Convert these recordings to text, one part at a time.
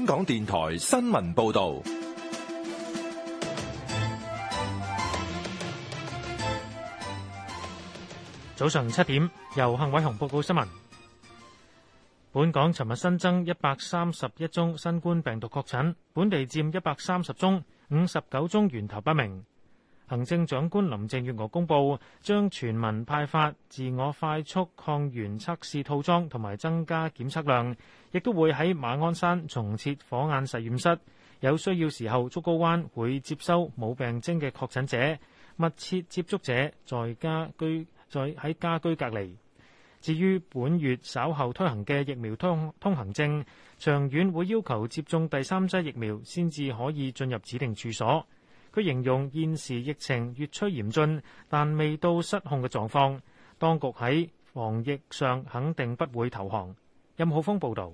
香港電台新聞報道。早上七點，由幸偉雄報告新聞。本港尋日新增一百三十一宗新冠病毒確診，本地佔一百三十宗，五十九宗源頭不明。行政長官林鄭月娥公布，將全民派發自我快速抗原測試套裝，同埋增加檢測量，亦都會喺馬鞍山重設火眼實驗室。有需要時候，竹篙灣會接收冇病徵嘅確診者、密切接觸者在，在家居在喺家居隔離。至於本月稍後推行嘅疫苗通通行證，長遠會要求接種第三劑疫苗先至可以進入指定處所。佢形容現時疫情越趨嚴峻，但未到失控嘅狀況，當局喺防疫上肯定不會投降。任浩峰報道。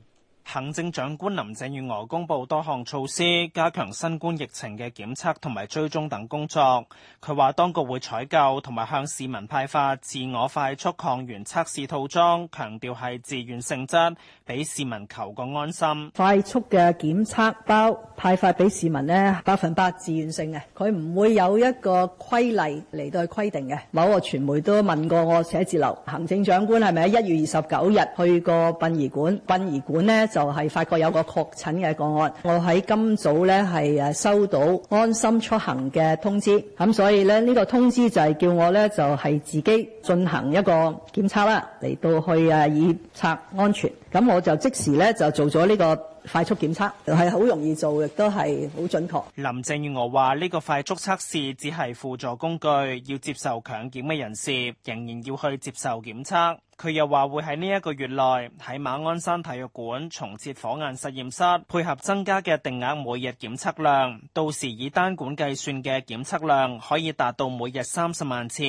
行政長官林鄭月娥公布多項措施，加強新冠疫情嘅檢測同埋追蹤等工作。佢話當局會採購同埋向市民派發自我快速抗原測試套裝，強調係自願性質，俾市民求個安心。快速嘅檢測包派發俾市民呢，百分百自願性嘅，佢唔會有一個規例嚟到去規定嘅。某個傳媒都問過我寫字樓行政長官係咪喺一月二十九日去過殯儀館？殯儀館呢？就係發覺有個確診嘅個案，我喺今早咧係誒收到安心出行嘅通知，咁所以咧呢個通知就係叫我咧就係自己進行一個檢測啦，嚟到去誒以策安全，咁我就即時咧就做咗呢個。快速檢測係好容易做，亦都係好準確。林鄭月娥話：呢個快速測試只係輔助工具，要接受強檢嘅人士仍然要去接受檢測。佢又話會喺呢一個月內喺馬鞍山體育館重設火眼實驗室，配合增加嘅定額每日檢測量，到時以單管計算嘅檢測量可以達到每日三十萬次。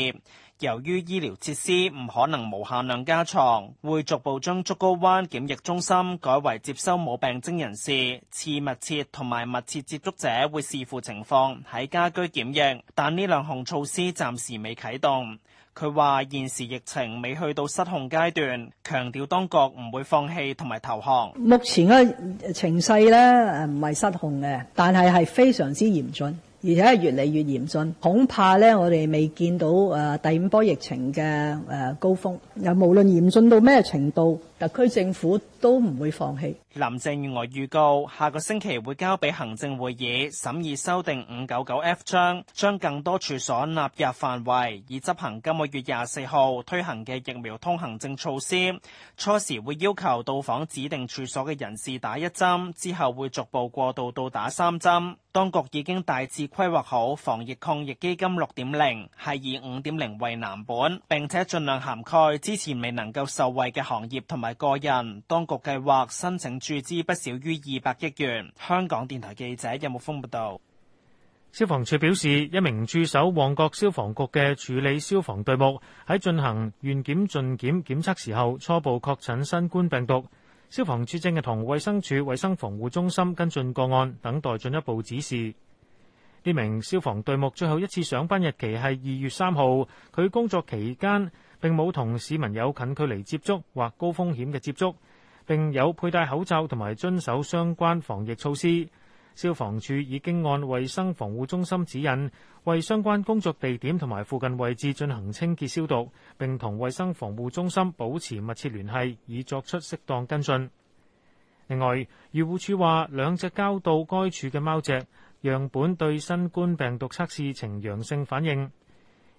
由於醫療設施唔可能無限量加床，會逐步將竹篙灣檢疫中心改為接收冇病徵人士、次密切同埋密切接觸者，會視乎情況喺家居檢疫。但呢兩項措施暫時未啟動。佢話現時疫情未去到失控階段，強調當局唔會放棄同埋投降。目前嘅情勢咧，唔係失控嘅，但係係非常之嚴峻。而且係越嚟越嚴峻，恐怕咧我哋未見到誒、啊、第五波疫情嘅誒、啊、高峰。又無論嚴峻到咩程度，特區政府都唔會放棄。林鄭月娥預告，下個星期會交俾行政會議審議修訂五九九 F 章，將更多處所納入範圍，以執行今個月廿四號推行嘅疫苗通行證措施。初時會要求到訪指定處所嘅人士打一針之後會逐步過渡到打三針，當局已經大致。規劃好防疫抗疫基金六點零，係以五點零為藍本，並且盡量涵蓋之前未能夠受惠嘅行業同埋個人。當局計劃申請注資不少於二百億元。香港電台記者任木峰報道。消防處表示，一名駐守旺角消防局嘅處理消防隊目喺進行願檢進檢檢測時候，初步確診新冠病毒。消防處正係同衛生署衛生防護中心跟進個案，等待進一步指示。呢名消防隊目最後一次上班日期係二月三號。佢工作期間並冇同市民有近距離接觸或高風險嘅接觸，並有佩戴口罩同埋遵守相關防疫措施。消防處已經按衛生防護中心指引，為相關工作地點同埋附近位置進行清潔消毒，並同衛生防護中心保持密切聯繫，以作出適當跟進。另外，漁護處話兩隻交到該處嘅貓隻樣本對新冠病毒測試呈陽性反應。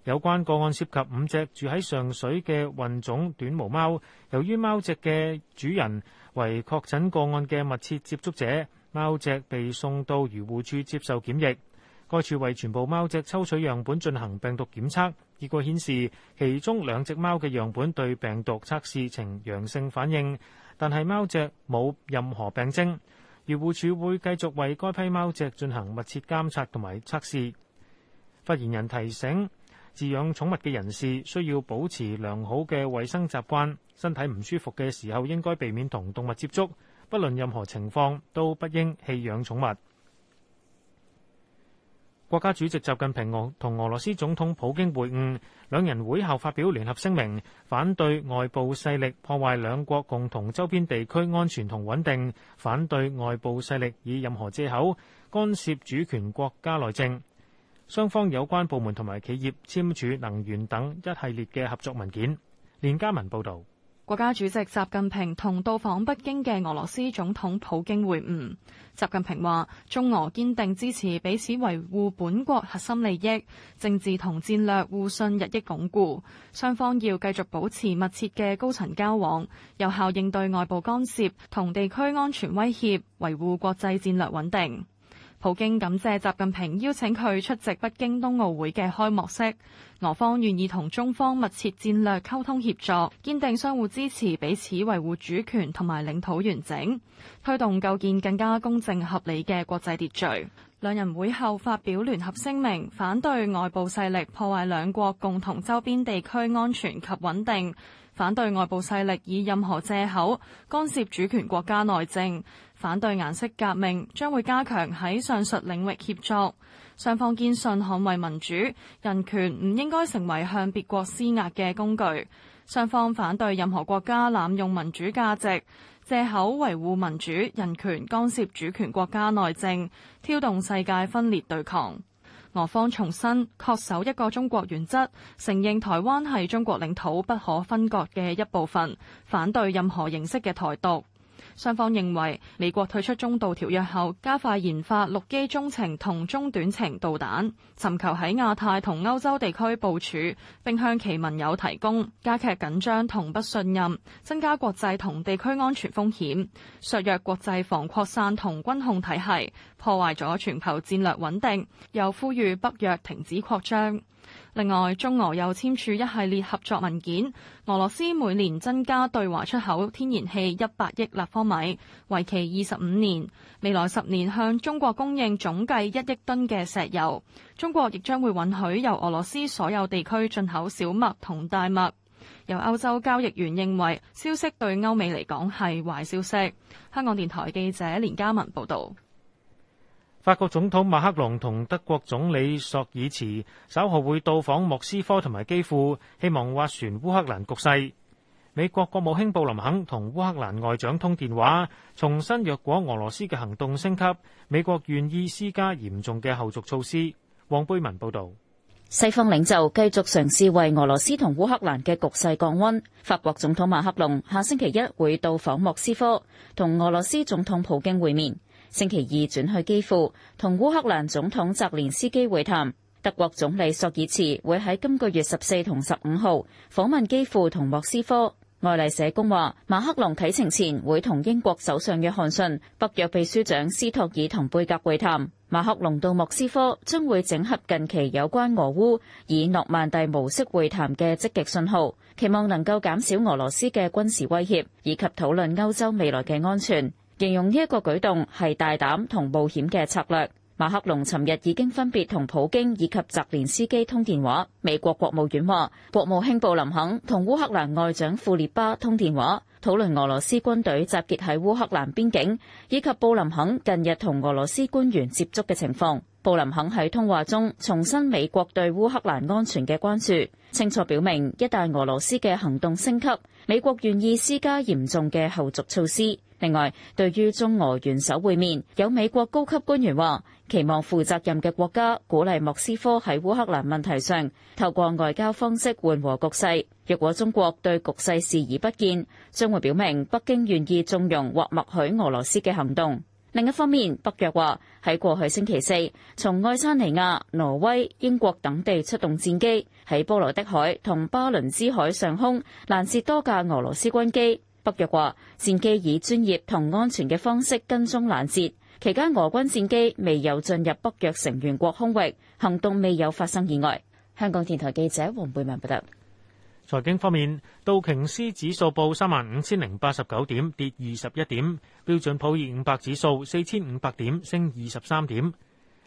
有關個案涉及五隻住喺上水嘅混種短毛貓，由於貓隻嘅主人為確診個案嘅密切接觸者，貓隻被送到漁護處接受檢疫。該處為全部貓隻抽取樣本進行病毒檢測，結果顯示其中兩隻貓嘅樣本對病毒測試呈陽性反應，但係貓隻冇任何病徵。漁護署會繼續為該批貓隻進行密切監察同埋測試。發言人提醒，飼養寵物嘅人士需要保持良好嘅衛生習慣，身體唔舒服嘅時候應該避免同動物接觸，不論任何情況都不應棄養寵物。國家主席習近平俄同俄羅斯總統普京會晤，兩人會後發表聯合聲明，反對外部勢力破壞兩國共同周邊地區安全同穩定，反對外部勢力以任何借口干涉主權國家內政。雙方有關部門同埋企業簽署能源等一系列嘅合作文件。連家文報導。國家主席習近平同到訪北京嘅俄羅斯總統普京會晤。習近平話：中俄堅定支持彼此維護本國核心利益，政治同戰略互信日益鞏固，雙方要繼續保持密切嘅高層交往，有效應對外部干涉，同地區安全威脅，維護國際戰略穩定。普京感謝習近平邀請佢出席北京冬奧會嘅開幕式，俄方願意同中方密切戰略溝通協作，堅定相互支持，彼此維護主權同埋領土完整，推動構建更加公正合理嘅國際秩序。兩人會後發表聯合聲明，反對外部勢力破壞兩國共同周邊地區安全及穩定，反對外部勢力以任何借口干涉主權國家內政。反對顏色革命，將會加強喺上述領域協作。雙方堅信捍衛民主人權唔應該成為向別國施壓嘅工具。雙方反對任何國家濫用民主價值，借口維護民主人權干涉主權國家內政，挑動世界分裂對抗。俄方重申恪守一個中國原則，承認台灣係中國領土不可分割嘅一部分，反對任何形式嘅台獨。雙方認為，美國退出中導條約後，加快研發陸基中程同中短程導彈，尋求喺亞太同歐洲地區部署並向其盟友提供，加劇緊張同不信任，增加國際同地區安全風險，削弱國際防擴散同軍控體系，破壞咗全球戰略穩定，又呼籲北約停止擴張。另外，中俄又簽署一系列合作文件，俄羅斯每年增加對華出口天然氣一百億立方米，為期二十五年。未來十年向中國供應總計一億噸嘅石油。中國亦將會允許由俄羅斯所有地區進口小麥同大麥。由歐洲交易員認為，消息對歐美嚟講係壞消息。香港電台記者連嘉文報道。法國總統馬克龍同德國總理索爾茨稍後會到訪莫斯科同埋基輔，希望斡旋烏克蘭局勢。美國國務卿布林肯同烏克蘭外長通電話，重申若果俄羅斯嘅行動升級，美國願意施加嚴重嘅後續措施。黃貝文報道，西方領袖繼，繼續嘗試為俄羅斯同烏克蘭嘅局勢降溫。法國總統馬克龍下星期一會到訪莫斯科，同俄羅斯總統普京會面。星期二轉去基輔同烏克蘭總統澤連斯基會談，德國總理朔爾茨會喺今個月十四同十五號訪問基輔同莫斯科。外嚟社公話，馬克龍啟程前會同英國首相約翰遜、北約秘書長斯托爾同貝格會談。馬克龍到莫斯科將會整合近期有關俄烏以諾曼第模式會談嘅積極信號，期望能夠減少俄羅斯嘅軍事威脅，以及討論歐洲未來嘅安全。形容呢一個舉動係大膽同冒險嘅策略。馬克龍尋日已經分別同普京以及澤連斯基通電話。美國國務院話，國務卿布林肯同烏克蘭外長庫列巴通電話，討論俄羅斯軍隊集結喺烏克蘭邊境，以及布林肯近日同俄羅斯官員接觸嘅情況。布林肯喺通話中重申美國對烏克蘭安全嘅關注，清楚表明一旦俄羅斯嘅行動升級，美國願意施加嚴重嘅後續措施。另外，對於中俄元首會面，有美國高級官員話：期望負責任嘅國家鼓勵莫斯科喺烏克蘭問題上透過外交方式緩和局勢。若果中國對局勢視而不見，將會表明北京願意縱容或默許俄羅斯嘅行動。另一方面，北約話喺過去星期四，從愛沙尼亞、挪威、英國等地出動戰機，喺波羅的海同巴倫支海上空攔截多架俄羅斯軍機。北約話戰機以專業同安全嘅方式跟蹤攔截，期間俄軍戰機未有進入北約成員國空域，行動未有發生意外。香港電台記者黃貝文報道。財經方面，道瓊斯指數報三萬五千零八十九點，跌二十一點；標準普爾五百指數四千五百點，升二十三點。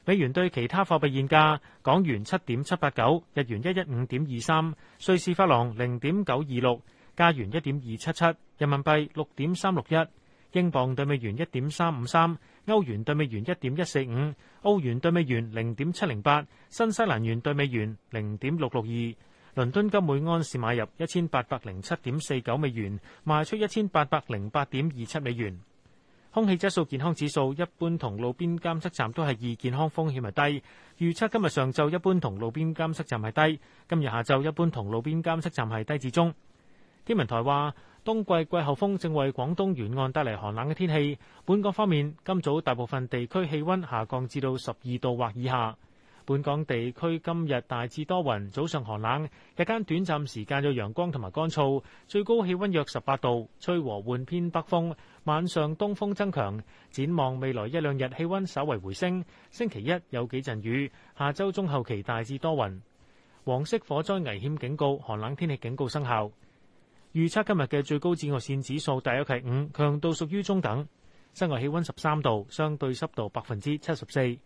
美元對其他貨幣現價：港元七點七八九，日元一一五點二三，瑞士法郎零點九二六。加元一點二七七，7, 人民幣六點三六一，英鎊對美元一點三五三，歐元對美元一點一四五，澳元對美元零點七零八，新西蘭元對美元零點六六二。倫敦金每安士買入一千八百零七點四九美元，賣出一千八百零八點二七美元。空氣質素健康指數一般，同路邊監測站都係二，健康風險係低。預測今日上晝一般同路邊監測站係低，低，今日下晝一般同路邊監測站係低至中。天文台話，冬季季候風正為廣東沿岸帶嚟寒冷嘅天氣。本港方面，今早大部分地區氣溫下降至到十二度或以下。本港地區今日大致多雲，早上寒冷，日間短暫時間有陽光同埋乾燥，最高氣溫約十八度，吹和緩偏北風。晚上東風增強。展望未來一兩日氣溫稍為回升，星期一有幾陣雨，下周中後期大致多雲。黃色火災危險警告、寒冷天氣警告生效。預測今日嘅最高紫外線指數大約係五，強度屬於中等。室外氣溫十三度，相對濕度百分之七十四。